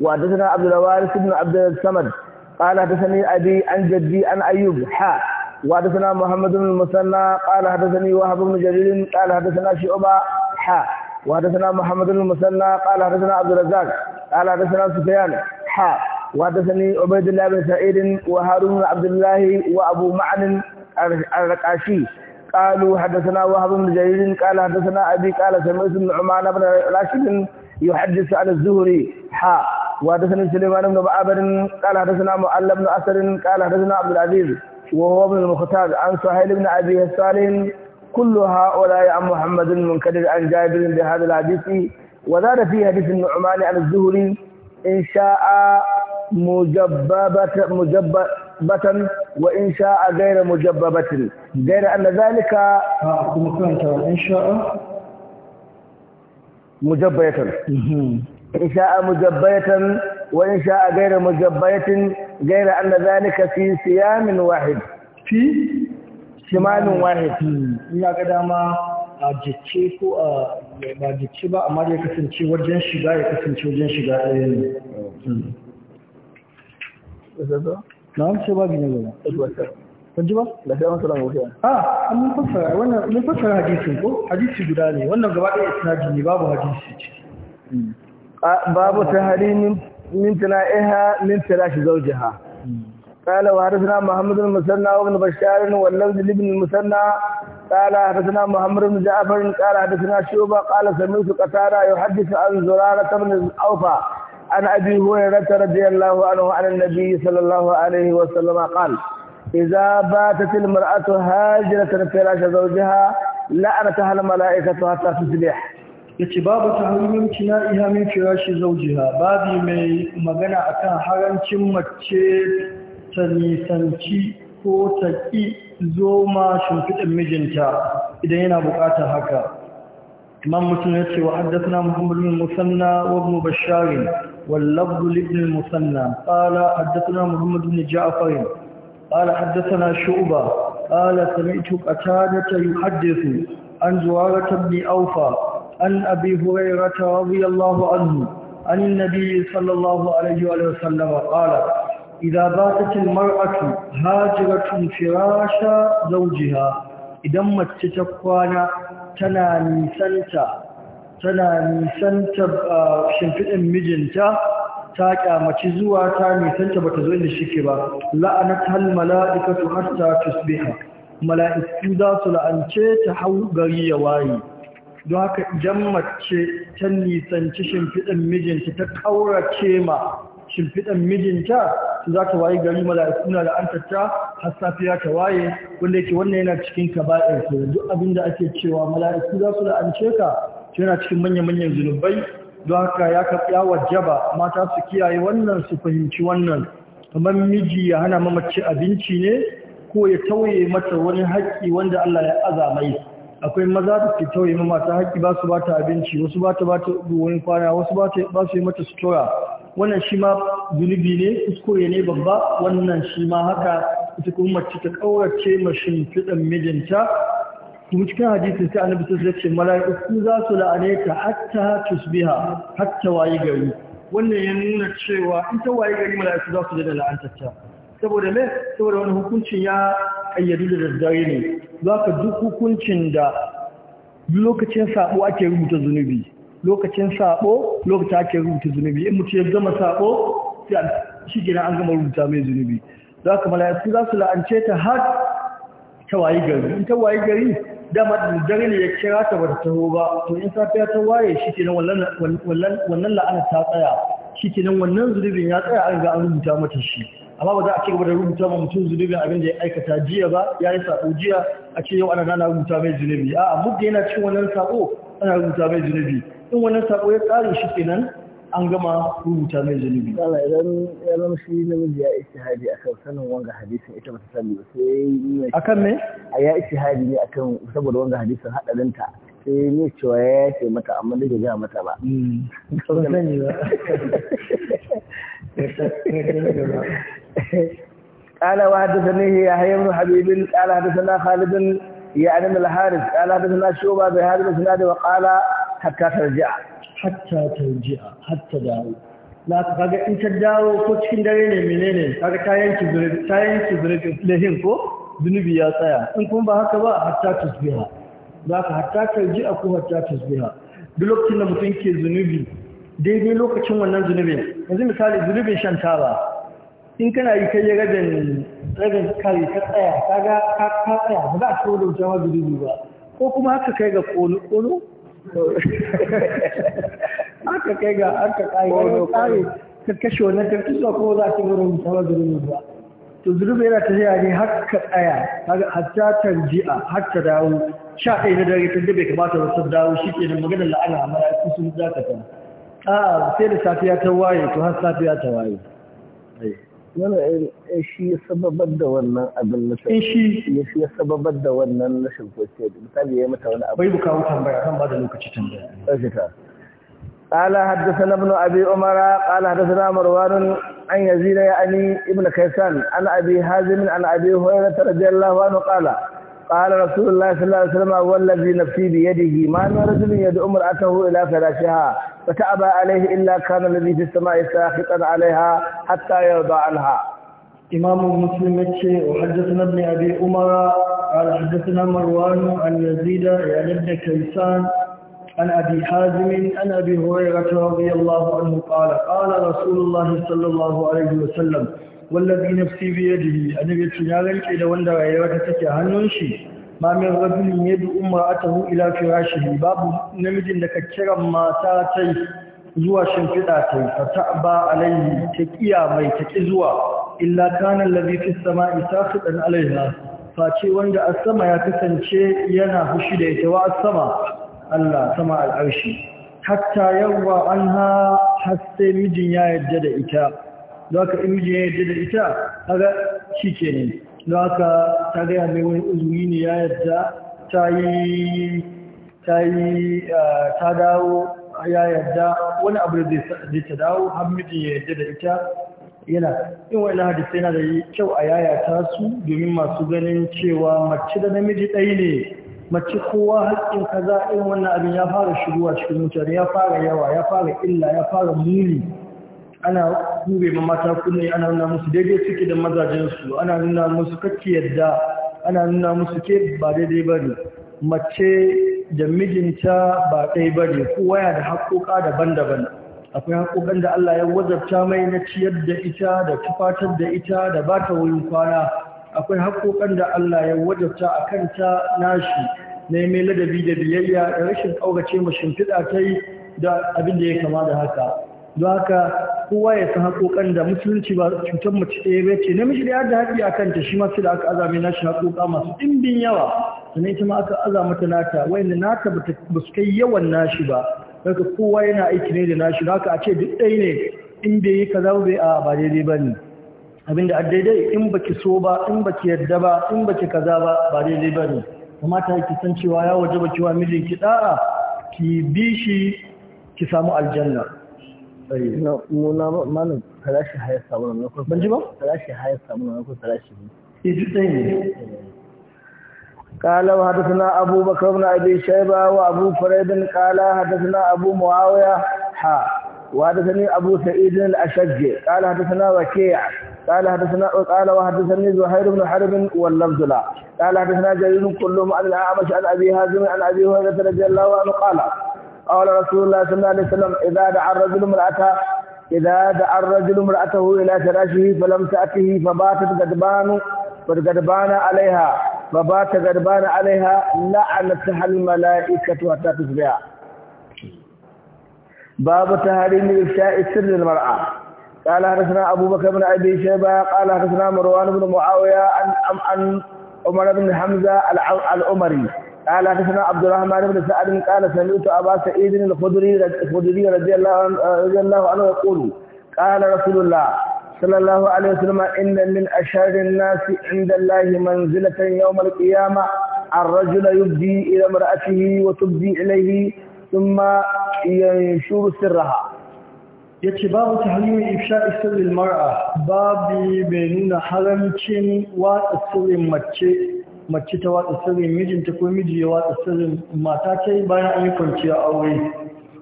وحدثنا عبد الوارث بن عبد الصمد قال حدثني أبي عن جدي عن أيوب حا وحدثنا محمد بن المثنى قال حدثني وهب بن جرير قال حدثنا شعبة حا وحدثنا محمد بن المثنى قال حدثنا عبد الرزاق قال حدثنا سفيان حا وحدثني عبيد الله بن سعيد وهارون بن عبد الله وأبو معن الرقاشي قالوا حدثنا وهب بن جرير قال حدثنا أبي قال سمعت بن عمان بن راشد يحدث عن الزهري حا وحدثنا سليمان بن عابد قال حدثنا معل بن أسر قال حدثنا عبد العزيز وهو ابن المختار عن سهيل بن أبي صالح كل هؤلاء عن محمد المنكدر عن جابر بهذا الحديث وزاد في حديث النعمان عن الزهري إن شاء مجببة مجببة محبة وإن شاء غير مجببة غير أن ذلك إن شاء مجبية إن شاء wa in شاء غير مجبية غير أن ذلك في صيام واحد في شمال واحد ina ga dama a jicce ko a ba jicce ba amma ya kasance wajen shiga ya kasance wajen shiga ɗaya ne na'am sai babu na gaba kun ji ba da ah, sai masu lamu kiyan a mun fassara wannan mun fassara hadisin ko hadisi guda ne wannan gaba ɗaya isnadi ne babu hadisi ce babu tahari min tana'iha min قال وارثنا محمد بن المثنى وابن بشار واللفظ لابن المثنى قال حدثنا محمد بن جعفر قال حدثنا شعبه قال سمعت قتاده يحدث عن زراره بن اوفى عن أبي هريرة رضي الله عنه عن النبي صلى الله عليه وسلم قال إذا باتت المرأة هاجرة فراش زوجها لعنتها الملائكة حتى تصبح yace babu hanyoyin cina'iha min firashi zawjiha babi mai magana akan harancin mace ta nisanci ko ta ki zoma shimfiɗin mijinta idan yana buƙatar haka imam muslim ya ce wa haddathana muhammad bin musanna wa ibn واللفظ لابن المثنى قال حدثنا محمد بن جعفر قال حدثنا شعبة قال سمعت قتادة يحدث عن زهارة بن أوفى عن أبي هريرة رضي الله عنه عن النبي صلى الله عليه وسلم قال إذا باتت المرأة هاجرة فراش زوجها idan mace ta kwana tana nisanta tana nisanta shimfiɗin mijinta ta ƙyamaci zuwa ta nisan ta bata zo inda shi ba la'anat hal mala'ikatu hatta tusbiha mala'iku za su la'ance ta hau gari ya waye don haka idan mace ta nisanci shimfiɗin mijinta ta kaurace ma shimfiɗin mijinta za ta waye gari mala'iku na la'antarta har safiya ta waye wanda yake wannan yana cikin kaba'ir duk abin ake cewa mala'iku za su la'ance ka yana cikin manya-manyan zunubai don haka ya kafa wajaba mata su kiyaye wannan su fahimci wannan kamar miji ya hana mamaci abinci ne ko ya tauye mata wani haƙƙi wanda Allah ya azamai akwai maza da ke tauye mamata mata haƙƙi ba su bata abinci wasu bata bata wani kwana wasu bata ba su yi mata sutura wannan shi ma zunubi ne kuskure ne babba wannan shi ma haka ita kuma mace ta kaurace ma shimfiɗan mijinta kuma cikin hadisi sai annabi sun ce mala'iku za su la'ane ta hatta tusbiha hatta wayi gari wannan ya nuna cewa in ta wayi gari mala'iku za su da la'antarta saboda me saboda wani hukuncin ya kayyadu da daddare ne za ka duk hukuncin da lokacin sabo ake rubuta zunubi lokacin sabo lokacin ake rubuta zunubi in mutum ya gama sabo sai shi gina an gama rubuta mai zunubi za ka mala'iku za su la'ance ta har ta wayi gari in ta wayi gari dama dare ne ya kira ta ba ta taho ba to in safiya ta waye shi nan wannan la'anar ta tsaya shi kenan wannan zunubin ya tsaya an ga an rubuta mata shi amma ba za a ce gaba da rubuta ma mutum zunubin abin da ya aikata jiya ba ya yi sako jiya a ce yau ana nana rubuta mai zunubi a da yana cin wannan sako ana rubuta mai zunubi in wannan sako ya tsare shi kenan an gama rubuta mai zunubi. Kala idan ya zama shi namiji ya ishi hadi a kan sanin wanga hadisin ita bata sani ba sai ne. A kan ne? A ya ishi hadi ne kan saboda wanga hadisin haɗarinta sai ne cewa ya yace mata amma da ga mata ba. Kan hmm, sani ba. قال وحدثني يحيى بن حبيب قال حدثنا خالد يعني من الحارث قال حدثنا شوبه بهذا الاسناد وقال حتى ترجع hatta tarji'a hatta dawo na kaga in ka dawo ko cikin dare ne menene kaga ta yanki zurbi ta yanki zurbi lahin ko zunubi ya tsaya in kuma ba haka ba hatta tasbiha za ka hatta tarji'a ko hatta tasbiha duk lokacin da mutum ke zunubi daidai lokacin wannan zunubin yanzu misali zunubin shan taba in kana yi kai rabin daga kai ka tsaya kaga ka tsaya ba za a tsoro da wuce ma zunubi ba ko kuma haka kai ga kono kono aka kai ga aka kai wani tsari ka kashe wannan karfi zuwa kuma za ta gurin tsawar da zunubi ba to zunubi yana tafiya ne har ka tsaya har ta tarji'a har ta dawo sha ɗaya na dare tun da bai kamata ba sun dawo shi ke da maganar la'ana a mala'iku sun za ka ta a ah, sai da safiya ta waye to har safiya ta waye Yana eh, shi ya sababar da wannan abin na eh, shi ya shi ya da wannan na shankwace misali ya mata wani abu. Bai buka wutan baya kan ba da lokaci can da. haddasa na bunu Abi Umara, ƙala haddasa na Marwanun an yanzu Ibn Kaisan, an Hazimin, an Abi Hoyar ta Rabi Allah wani ƙala. Ƙala Rasulullah sallallahu Alaihi Wasallam, wallazi nafsi biyadihi, ma nuna rajulun Umar aka hu ila fara ha. فتأبى عليه إلا كان الذي في السماء ساخطا عليها حتى يرضى عنها إمام مسلم يتشي وحدثنا ابن أبي أمر قال حدثنا مروان عن يزيد يعني ابن كيسان عن أبي حازم عن أبي هريرة رضي الله عنه قال قال رسول الله صلى الله عليه وسلم والذي نفسي بيده أن يتشي عليك إذا وندر أيرتك هننشي ma min rajulin yad'u imra'atahu ila firashihi babu namijin da ka kira mata tai zuwa shimfiɗa ta yi fata ba alayhi ta ƙiya mai ta ƙi zuwa illa kanan labifin sama isa fiɗan alayha face wanda a sama ya kasance yana fushi da ita wa a sama Allah sama al'arshi hatta yawa an hasse mijin ya yadda da ita za ka in ya yadda da ita haga ne da aka ta gaya mai wani uzuri ne ya yadda ta yi eh, ta dawo ya yadda wani abu da zai ta dawo hamidin ya yadda da ita yana in wani hadisai yana da kyau a yaya ta su domin masu ganin cewa mace da namiji ɗaya ne mace kowa haƙƙin kaza irin wannan abin ya fara shigowa cikin mutane ya fara yawa ya fara illa ya fara muni ana kure ma mata kunne ana nuna musu daidai suke da mazajensu ana nuna musu kake yadda ana nuna musu ke ba daidai ba ne mace da mijinta ba ɗaya ba ne kowa ya da haƙoƙa daban-daban akwai haƙoƙan da Allah ya wajabta mai na ciyar da ita da tufatar da ita da ba ta wurin kwana akwai haƙoƙan da Allah ya wajabta a ta nashi na mai ladabi da biyayya da rashin ƙaurace ma shimfiɗa ta yi da abin da ya kama da haka don haka kowa ya san haƙoƙan da musulunci ba cutar mace ɗaya ba ce namiji da ya da haƙi a ta shi masu da aka azame nashi haƙoƙa masu ɗimbin yawa sannan ita ma aka azama ta nata wanda nata ba su kai yawan nashi ba daga kowa yana aiki ne da nashi haka a ce duk ɗaya ne in bai yi kaza bai a ba daidai ba ne abinda a daidai in baki so ba in baki yarda ba in baki kaza ba ba daidai ba ne kamata ki san cewa ya waje ba kiwa mijinki da'a ki bi shi ki samu aljanna na muna manin farashi hayar sabulu na kusa banji ba? farashi hayar sabulu na kusa rashi ne iji ɗin ne kala wa hada suna abu bakar na abin shai ba wa abu faraidin kala hada suna abu muawaya ha wa hada sani abu sa'idin al-ashajje kala hada suna wa keya قال حدثنا قال وحدثني زهير بن حرب واللفظ لا قال حدثنا جرير كلهم عن الاعمش عن ابي هازم عن ابي هريره رضي الله عنه قال قال رسول الله صلى الله عليه وسلم إذا دعا الرجل امرأته إذا دعا الرجل امرأته إلى فراشه فلم تأته فباتت غضبان فغضبان عليها فبات غضبان عليها لعنتها الملائكة حتى تصبح باب تهريم إفشاء سر المرأة قال حدثنا أبو بكر بن أبي شيبة قال حدثنا مروان بن معاوية عن عن عمر بن حمزة العمري قال حدثنا عبد الرحمن بن سعد قال سمعت ابا سعيد الخدري الخدري رضي الله عنه رضي الله عنه يقول قال رسول الله صلى الله عليه وسلم ان من اشهر الناس عند الله منزله يوم القيامه الرجل يبدي الى امراته وتبدي اليه ثم ينشر سرها yace babu tahlimin ifsha'i sirrin mar'a babu bai nuna haramcin watsa sirrin mace mace ta watsa sirrin mijinta ko miji ya watsa sirrin mata ta yi bayan an yi kwanciya aure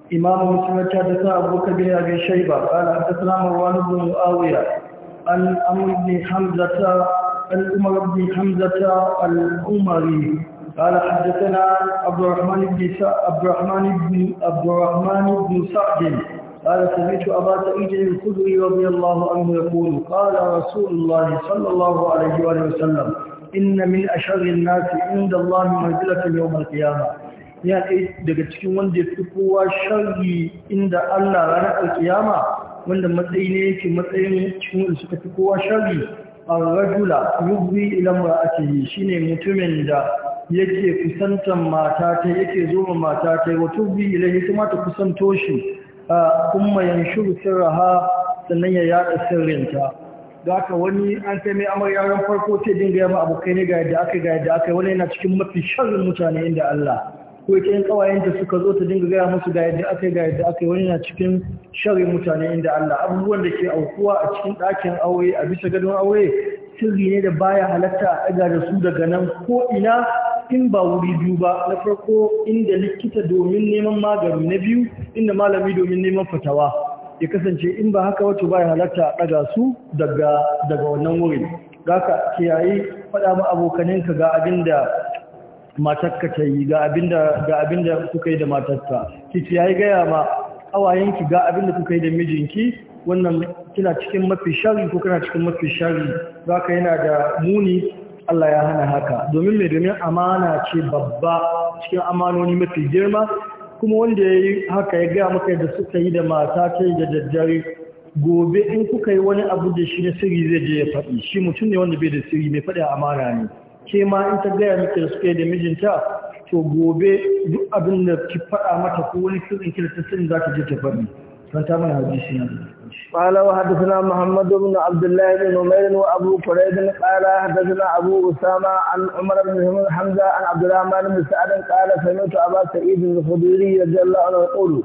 imamu musulman ta da sa abokan bin abin shaiba ƙara ta salamar wani zuwa awiya an amurbi hamzata al'umar bin hamzata al'umari قال حدثنا عبد الرحمن بن عبد الرحمن بن عبد الرحمن قال سمعت أبا سعيد الخدري رضي الله عنه يقول قال رسول الله صلى الله عليه وسلم inna min sharrin nasi inda Allah manzilatan yawmal qiyamah ya ɗaya daga cikin wanda ya fi kowa sharri inda Allah ranar alkiyama wanda matsayi ne yake matsayin cikin wanda suka fi kowa sharri ar-rajula yubbi ila shi shine mutumin da yake kusantan mata ta yake zoma mata ta wa tubbi ilayhi kuma ta kusanto shi kuma yanshuru sirraha sannan ya yada sirrinta da haka wani an sai mai amarya ran farko din dinga ma abokai ne ga yadda aka ga yadda aka wani yana cikin mafi sharrin mutane inda Allah ko ita yin suka zo ta dinga gaya musu ga yadda aka ga yadda aka wani yana cikin sharrin mutane inda Allah abubuwan da ke aukuwa a cikin ɗakin aure a bisa gadon aure sirri ne da baya halatta a ɗaga da su daga nan ko ina in ba wuri biyu ba na farko inda likita domin neman magani na biyu inda malami domin neman fatawa ya kasance in ba haka wato baya halatta a ɗaga su daga daga wannan wurin ka kiyayi faɗa ma abokaninka ga abin da ta yi ga abinda ga abinda kuka yi da matarka ki kiyayi gaya ma awayenki ga abinda kuka yi da mijinki wannan kina cikin mafi sharri ko kana cikin mafi sharri zaka yana da muni Allah ya hana haka domin mai domin amana ce babba cikin amanoni mafi girma kuma wanda ya yi haka ya gaya maka da suka yi da mata ta yi da daddare gobe in kuka yi wani abu da shi na sirri zai je ya faɗi shi mutum ne wanda bai da sirri mai faɗi amara ne ke ma in ta gaya maka da suka yi da mijinta to gobe duk abin da ki faɗa mata ko wani sirrin kirtasin za ta je ta faɗi don ta mana hadisi قال وحدثنا محمد بن عبد الله بن نمير وابو قريب قال حدثنا ابو اسامه عن عمر بن حمزه عن عبد الرحمن بن سعد قال سمعت ابا سعيد الخدري رضي الله عنه يقول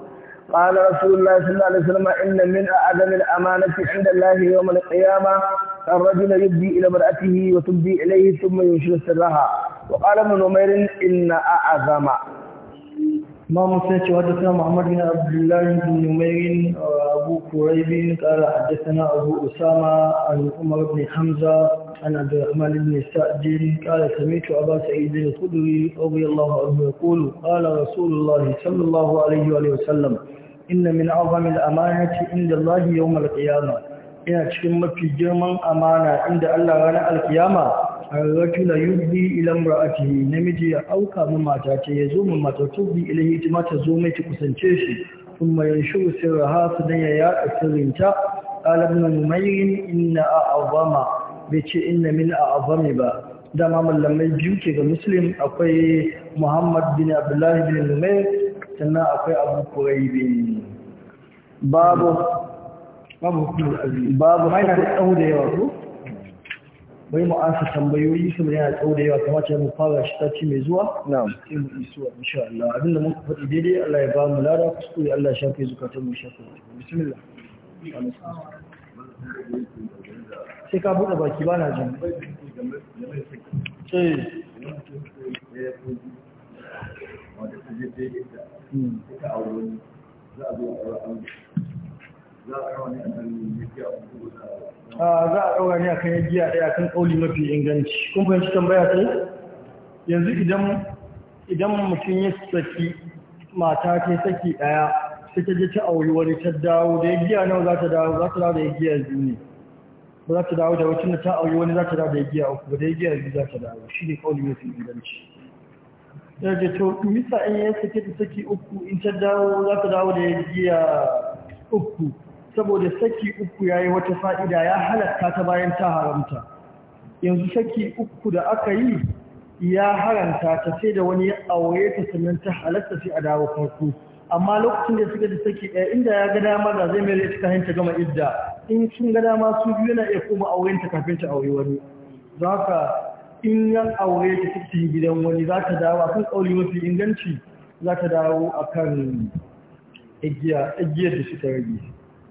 قال رسول الله صلى الله عليه وسلم ان من اعظم الامانه عند الله يوم القيامه الرجل يبدي الى امراته وتبدي اليه ثم ينشر سرها وقال ابن نمير ان اعظم ma musulun cewa ta sa muhammadu na abdullahi numerin uh, abu kuraibin kara haddasa abu usama al’ummar ne hamza ana da amalin ne sa’adin kara samitu a ba su kuduri abu yallahu abu ya kulu kala sallallahu alaihi wa sallam inna min azami al’amanaci inda allahi yawon alƙiyama ina cikin mafi girman amana inda allah rana alkiyama? arrajula yubdi ila imra'atihi namiji ya auka mu mata ce ya zo mu mata tubbi ilahi ta mata zo mai ta kusance shi kuma ya shuru sirraha dan ya yaɗa sirrinta qala ibn numayr inna a'zama bai ce inna min a'zami ba dama mallamai biyu ke ga muslim akwai muhammad bin abdullahi bin numayr sannan akwai abu kuraibi babu babu babu da yawa ko bai mu tambayoyi su yana tsawo da yawa kamata ya mu fara shi sati mai zuwa Na sai mu isuwa insha abinda mun faɗi daidai Allah ya ba mu lada kuskure Allah ya shafe zukatan mu shafe bismillah sai ka buɗe baki ba na jin hmm. za a ɗaura ne a kan yagiya ɗaya kan ƙauli mafi inganci kun fahimci tambaya sai yanzu idan mutum ya saki mata ta saki ɗaya suka je ta auri wani ta dawo da yagiya nawa za ta dawo za ta dawo da yagiya biyu ne ba za ta dawo da wacin da ta auri wani za ta dawo da yagiya uku ba da yagiya biyu za ta dawo shi ne ƙauli mafi inganci da ya ce to misa in ya saki ta saki uku in ta dawo za ta dawo da yagiya uku saboda saki uku ya yi wata fa'ida ya halatta ta bayan ta haramta yanzu saki uku da aka yi ya haramta ta sai da wani ya aure ta sannan ta halatta sai a dawo farko amma lokacin da suka da saki ɗaya inda ya ga dama da zai mai ta kahinta gama idda in sun ga dama su biyu na iya koma aurenta ta kafin ta aure wani za ka in yan aure ta tafi gidan wani za ta dawo akan kauli mafi inganci za ta dawo akan igiyar da suka rage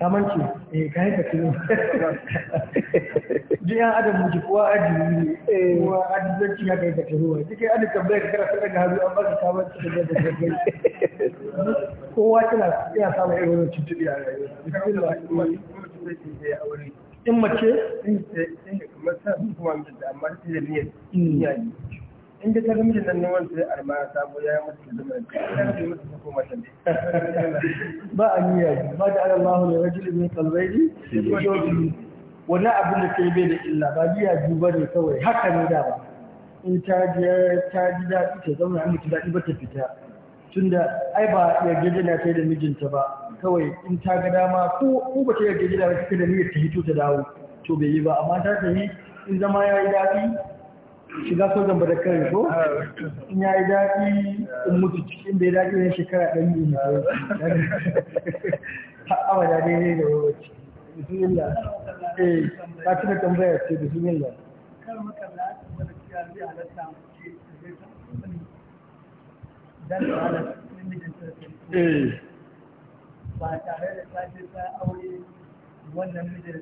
kamanci eh ka yi kakiru yan adam mu ji kowa ajiyu ne kowa ajiyarci ya kai kakiru wa cikin adam tambayar kakara sun daga haru an baka kamanci da zai da gaggai kowa tana iya samun irin wani cututtuki a rayuwa in mace in kamar sa kuma amma niyyar hmm. in da ta ga mijin nan neman sai arma ya samu ya yi mata zama da ta ba a niyya ba da Allah ne rajul min qalbayni yawmi wani abin da kai bai da illa ba biya ba ne kawai haka ne da ba in ta ji ta ji daɗi ta zauna an mutu daɗi ba ta fita tunda ai ba yarjeje na kai da mijinta ba kawai in ta ga dama ko ko ba ta yi yarjeje da kai da niyyar ta hito ta dawo to bai yi ba amma ta yi in zama ya yi daɗi shiga sojan ba da kare ko in ya yi daɗi in mutu cikin da ya daɗi wani shekara ɗan yi mutu har ta awa eh. da wawaci bismillah ta da tambaya bismillah ta aure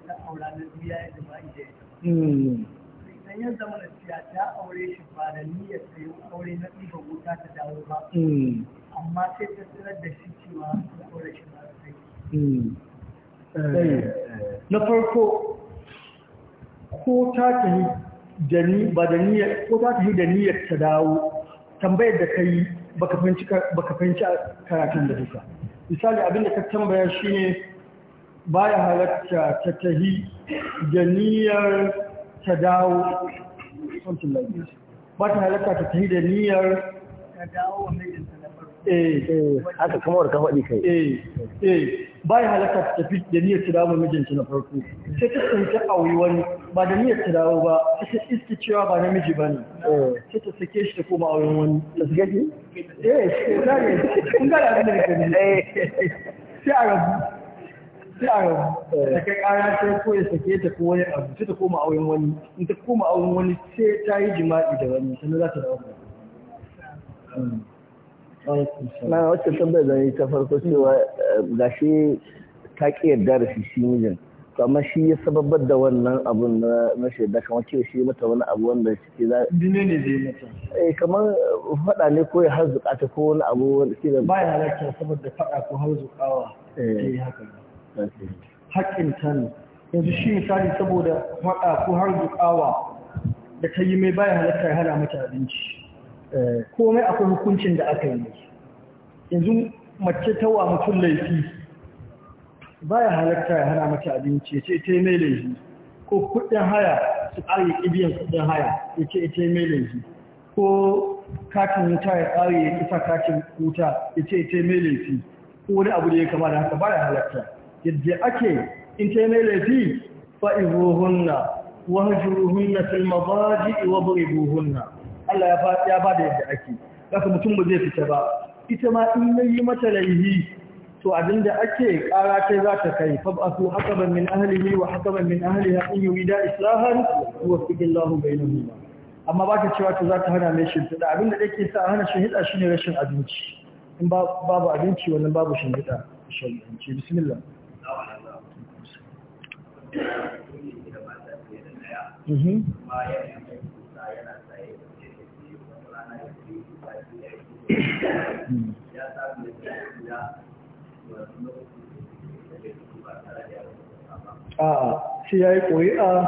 ta aura na biya ya jima'i da hmm. idan ya zama na ta aure shi ba da niyyar ta yi aure na ɗiba wuta ta dawo ba hmm. amma sai ta sanar da shi cewa ta aure shi ba da hmm. eh, eh. na farko ko ta tafi da ba da niyyar ko ta tafi da niyyar ta dawo tambayar da kai baka fahimci baka fahimci karatun da duka misali abin da ka tambaya shine baya halatta ta tahi da niyyar ta dawo something like this ba ta halatta ta tafi da niyyar ta dawo wa mijinta na farko eh, eh. haka kamar ka faɗi kai eh eh ba ya halatta ta tafi da niyyar ta dawo mijinta na farko sai ta tsinci auri wani ba da niyyar ta dawo ba sai ta iske cewa ba na miji ba ne eh. sai ta sake shi ta koma auren wani ta sake shi eh sai ta ne kun ga da abin da ke ne eh. sai a rabu sai a rabu eh, kai kara sai ko ya sake ta ko wani abu sai ta koma auren wani in ta koma auren wani sai ta yi jima'i da wani sannan za ta dawo na wacce tabbai zan yi ta farko cewa eh, gashi ta ki yarda da shi shi mijin to amma shi ya sababar da wannan abun na shaida kamar cewa shi mata wani abu wanda shi za dine ne zai mata eh kamar fada ne ko ya harzuka ta ko wani abu wanda shi da ba ya halarta saboda fada ko harzukawa eh haka haƙƙin ta yanzu shi misali saboda maɗa ko har zuƙawa da ta yi mai bayan halatta ya hana mata abinci eh, komai akwai hukuncin da aka yi yanzu mace ta wa mutum laifi bayan halatta ya hana mata abinci ya ce ita yi mai laifi ko kuɗin haya su ƙari ƙibiyan kuɗin haya ya ce ita yi mai laifi ko katin wuta ya ƙari ya isa katin wuta ya ce ita yi mai laifi ko wani abu da ya kama da haka baya halatta yadda ake in ta mai laifi fa'ihuhunna wahjuruhunna fil mabaji wa duribuhunna Allah ya ba da yadda ake kaka mutum ba zai fita ba ita ma in nayi mata laifi to abinda ake kara kai za ta kai haka ban min ahlihi wa ban min ahliha in yurida islahan yuwaffiqu Allahu bainahuma amma ba ta cewa ta za ta hana mai shimfiɗa abinda yake sa hana shi shine rashin abinci in babu abinci wannan babu shimfiɗa shari'anci bismillah a'a shi ya yi ƙuri'a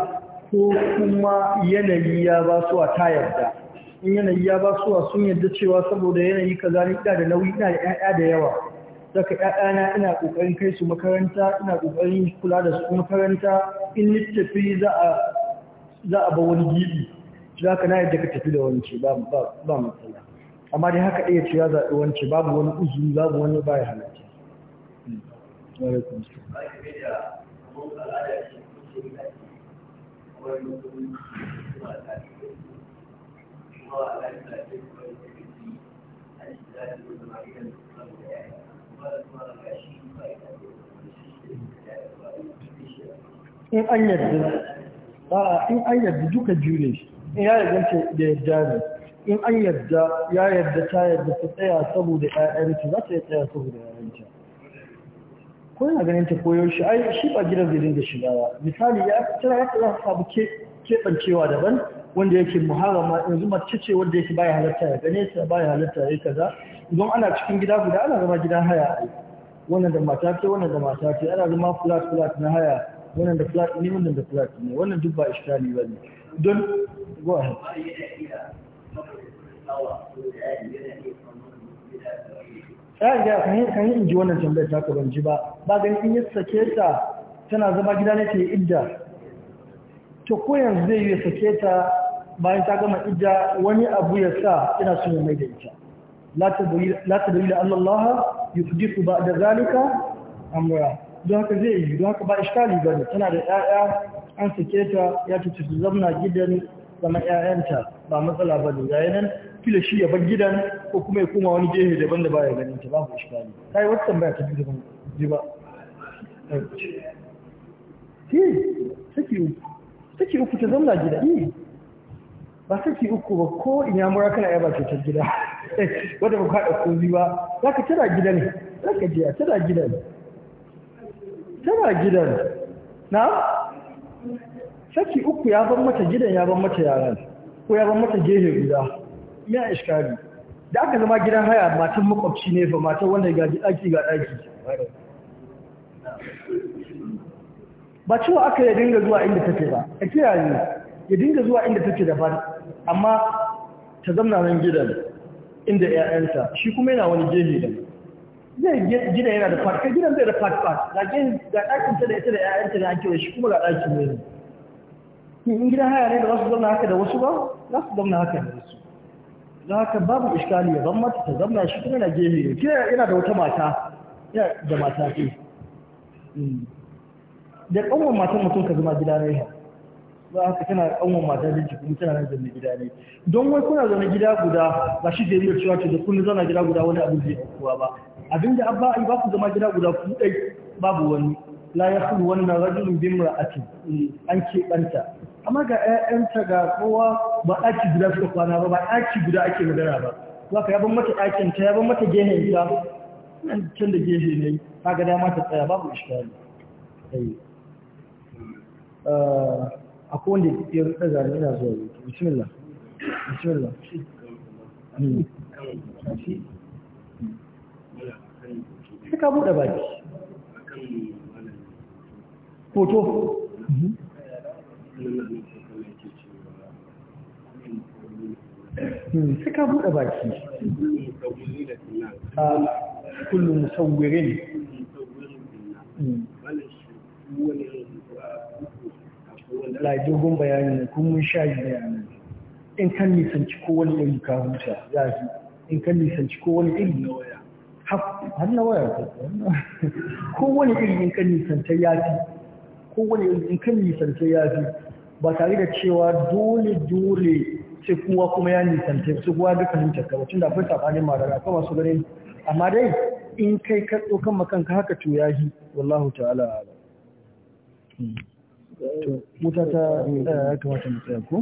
ko kuma yanayi ya ba su a ta yarda in yanayi ya ba su a sun yadda cewa saboda yanayi ka zane ina da nauyi ina da 'ya'ya da yawa daga ƴaƴana ina ƙoƙarin kai su makaranta ina ƙoƙarin kula da su makaranta in littafi za a ba wani gidi za ka na yadda ka tafi da wance ba matsala amma dai haka ɗaya ce ya zaɓi wance babu wani uzuri babu wani baya halatta hmm. Thank you. in an yarda a in an yadda duka jure shi in ya yarda da yadda ne in an yarda ya yarda ta yarda ta tsaya saboda ƴaƴanta za ta tsaya saboda ƴaƴanta ko yana ganin ta koyo shi ai shi ba gidan zai dinga shiga ba misali ya tana ya za sabu samu keɓancewa daban wanda yake muharrama yanzu mace ce wanda yake baya halatta ya gane ta baya halatta ya kaza idan ana cikin gida guda ana zama gidan haya wannan da mata ce wannan da mata ce ana zama flat flat na haya wannan da flat ne wannan da flat ne wannan duk ba ne ba ne don go ahead Ya ga kan yi in ji wannan tambayar ta ka banji ji ba, ba gani in yi sake ta tana zama gida ne ke yi idda. To ko yanzu zai yi sake ta bayan ta gama idda wani abu ya sa ina son mai da ita. La ta dalila Allah yufdiku ba da zalika amra don haka zai yi don haka ba iskali ba ne tana da ƴaƴa an sake ta ya ta zamna gidan zama ƴaƴanta ba matsala ba ne yayin nan kila shi ya bar gidan ko kuma ya koma wani gehe daban da baya ganin ta ku iskali kai wata tambaya ta biyu ban ji ba ki take uku take uku ta zamna gida eh ba saki uku ba ko in mura kana yaba cutar gida wanda ba kwaɗa kozi ba za ka tara gida ne za ka je a tara gida ne tara gida ne na saki uku ya ban mata gidan ya ban mata yaran ko ya ban mata gehe guda ya iskari da aka zama gidan haya matan makwabci ne ba, matan wanda ya ga ɗaki ga ɗaki ba cewa aka ya dinga zuwa inda take ba a kiyaye ya dinga zuwa inda take daban amma ta zamna nan gidan inda ‘ya'yanta shi kuma yana wani gehe da zai gida yana da fat ka gidan zai da fat fat ga ɗakinta da ita da ‘ya'yanta da ake shi kuma ga ɗakin ne in gidan haya ne da wasu zamna haka da wasu ba za su zamna haka da wasu don haka babu iskali ya zama ta zamna shi kuma yana gehe ne kira yana da wata mata yana da mata ke. Hmm. da ƙanwan matan mutum ka zama gida ne ba haka tana kanwan mata da jiki kuma tana nan gida ne don wai kuna zaune gida guda ba shi da yiwuwar cewa ce da kun na gida guda wani abu zai aukuwa ba abinda abba ai ba ku zama gida guda ku dai babu wani la yakhlu wannan rajulun bi imra'atin an keɓanta amma ga ƴaƴanta ga kowa ba ɗaki guda suka kwana ba ba ɗaki guda ake magana ba kuma ka yaban mata ɗakin ta yaban mata gehen ta nan can da gehe ne kaga dama ta tsaya babu iskali eh. Eh. akwai wanda ya daga ne yana zuwa wuce bismillah bismillah sai ka buɗe baki hoto sai ka buɗe baki a ah, kullum musawirin wani hmm. la dogon bayani kuma mun sha bayanin in kan nisanci ko wani iri ka huta ya fi in kan nisanci ko wani iri na waya har na waya ko wani iri in kan nisanta ya fi ko wani iri in kan nisanta ya fi ba tare da cewa dole dole sai kowa kuma ya nisanta su kowa duka nan ka tun da akwai sabanin marar akwai masu ganin amma dai in kai ka tsokan makanka haka to ya wallahu ta'ala ala hmm. to ta eh, ya kamata mu tsaya ko